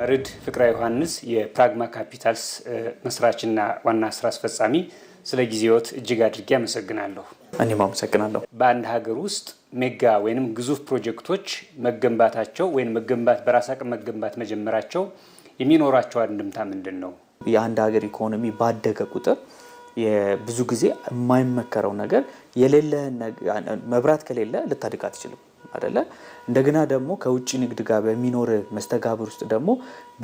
መርድ ፍቅረ ዮሐንስ የፕራግማ ካፒታልስ መስራችና ዋና ስራ አስፈጻሚ፣ ስለ ጊዜዎት እጅግ አድርጌ አመሰግናለሁ። እኔም አመሰግናለሁ። በአንድ ሀገር ውስጥ ሜጋ ወይም ግዙፍ ፕሮጀክቶች መገንባታቸው ወይም መገንባት በራስ አቅም መገንባት መጀመራቸው የሚኖራቸው አንድምታ ምንድን ነው? የአንድ ሀገር ኢኮኖሚ ባደገ ቁጥር ብዙ ጊዜ የማይመከረው ነገር የሌለ መብራት ከሌለ ልታድግ አትችልም። አይደለ? እንደገና ደግሞ ከውጭ ንግድ ጋር በሚኖር መስተጋብር ውስጥ ደግሞ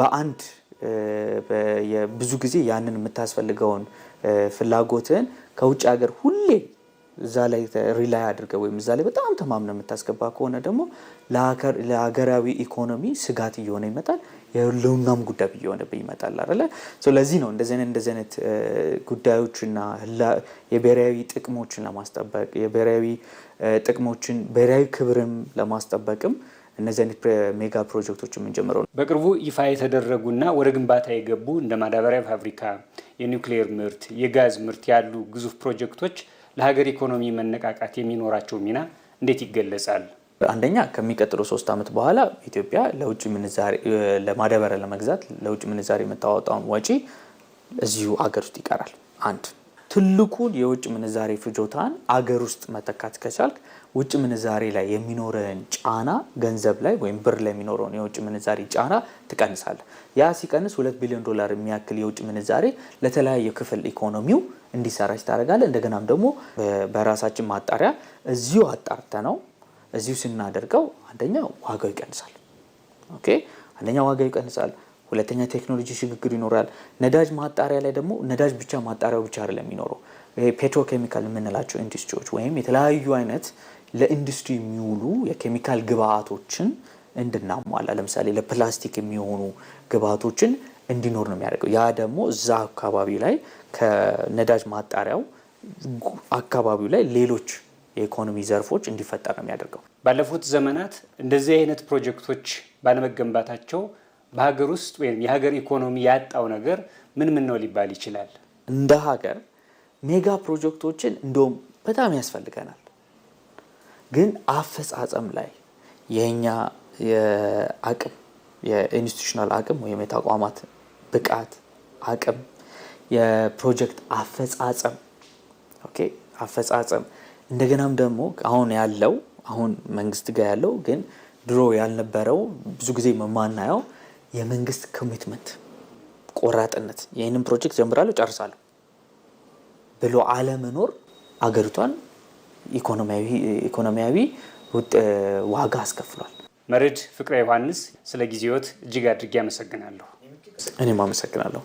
በአንድ ብዙ ጊዜ ያንን የምታስፈልገውን ፍላጎትን ከውጭ ሀገር እዛ ላይ ሪላይ አድርገ ወይም እዛ ላይ በጣም ተማምነ የምታስገባ ከሆነ ደግሞ ለሀገራዊ ኢኮኖሚ ስጋት እየሆነ ይመጣል። የህልውናም ጉዳይ እየሆነብህ ይመጣል አለ። ለዚህ ነው እንደዚህ አይነት እንደዚህ አይነት ጉዳዮችና የብሔራዊ ጥቅሞችን ለማስጠበቅ የብሔራዊ ጥቅሞችን ብሔራዊ ክብርም ለማስጠበቅም እነዚህ አይነት ሜጋ ፕሮጀክቶች የምንጀምረው ነው። በቅርቡ ይፋ የተደረጉና ወደ ግንባታ የገቡ እንደ ማዳበሪያ ፋብሪካ፣ የኒውክሌር ምርት፣ የጋዝ ምርት ያሉ ግዙፍ ፕሮጀክቶች ለሀገር ኢኮኖሚ መነቃቃት የሚኖራቸው ሚና እንዴት ይገለጻል? አንደኛ ከሚቀጥሉ ሶስት ዓመት በኋላ ኢትዮጵያ ለውጭ ምንዛሬ ለማዳበሪያ ለመግዛት ለውጭ ምንዛሬ የምታወጣውን ወጪ እዚሁ ሀገር ውስጥ ይቀራል። አንድ ትልቁን የውጭ ምንዛሬ ፍጆታን አገር ውስጥ መተካት ከቻልክ ውጭ ምንዛሬ ላይ የሚኖረን ጫና ገንዘብ ላይ ወይም ብር ላይ የሚኖረውን የውጭ ምንዛሬ ጫና ትቀንሳለ። ያ ሲቀንስ ሁለት ቢሊዮን ዶላር የሚያክል የውጭ ምንዛሬ ለተለያየ ክፍል ኢኮኖሚው እንዲሰራች ታደርጋለህ። እንደገናም ደግሞ በራሳችን ማጣሪያ እዚሁ አጣርተ ነው እዚሁ ስናደርገው አንደኛ ዋጋው ይቀንሳል። ኦኬ አንደኛ ዋጋው ይቀንሳል። ሁለተኛ ቴክኖሎጂ ሽግግር ይኖራል። ነዳጅ ማጣሪያ ላይ ደግሞ ነዳጅ ብቻ ማጣሪያው ብቻ አይደለም የሚኖረው ፔትሮኬሚካል የምንላቸው ኢንዱስትሪዎች ወይም የተለያዩ አይነት ለኢንዱስትሪ የሚውሉ የኬሚካል ግብአቶችን እንድናሟላ ለምሳሌ ለፕላስቲክ የሚሆኑ ግብአቶችን እንዲኖር ነው የሚያደርገው። ያ ደግሞ እዛ አካባቢ ላይ ከነዳጅ ማጣሪያው አካባቢው ላይ ሌሎች የኢኮኖሚ ዘርፎች እንዲፈጠር ነው የሚያደርገው። ባለፉት ዘመናት እንደዚህ አይነት ፕሮጀክቶች ባለመገንባታቸው በሀገር ውስጥ ወይም የሀገር ኢኮኖሚ ያጣው ነገር ምን ምን ነው ሊባል ይችላል? እንደ ሀገር ሜጋ ፕሮጀክቶችን እንደውም በጣም ያስፈልገናል፣ ግን አፈጻጸም ላይ የእኛ የአቅም የኢንስቲቱሽናል አቅም ወይም የተቋማት ብቃት አቅም የፕሮጀክት አፈጻጸም ኦኬ አፈጻጸም እንደገናም ደግሞ አሁን ያለው አሁን መንግስት ጋር ያለው ግን ድሮ ያልነበረው ብዙ ጊዜ የማናየው የመንግስት ኮሚትመንት ቆራጥነት፣ ይህንን ፕሮጀክት ጀምራለሁ ጨርሳለሁ ብሎ አለመኖር አገሪቷን ኢኮኖሚያዊ ዋጋ አስከፍሏል። መርድ ፍቅረ ዮሐንስ ስለ ጊዜዎት እጅግ አድርጌ አመሰግናለሁ። እኔም አመሰግናለሁ።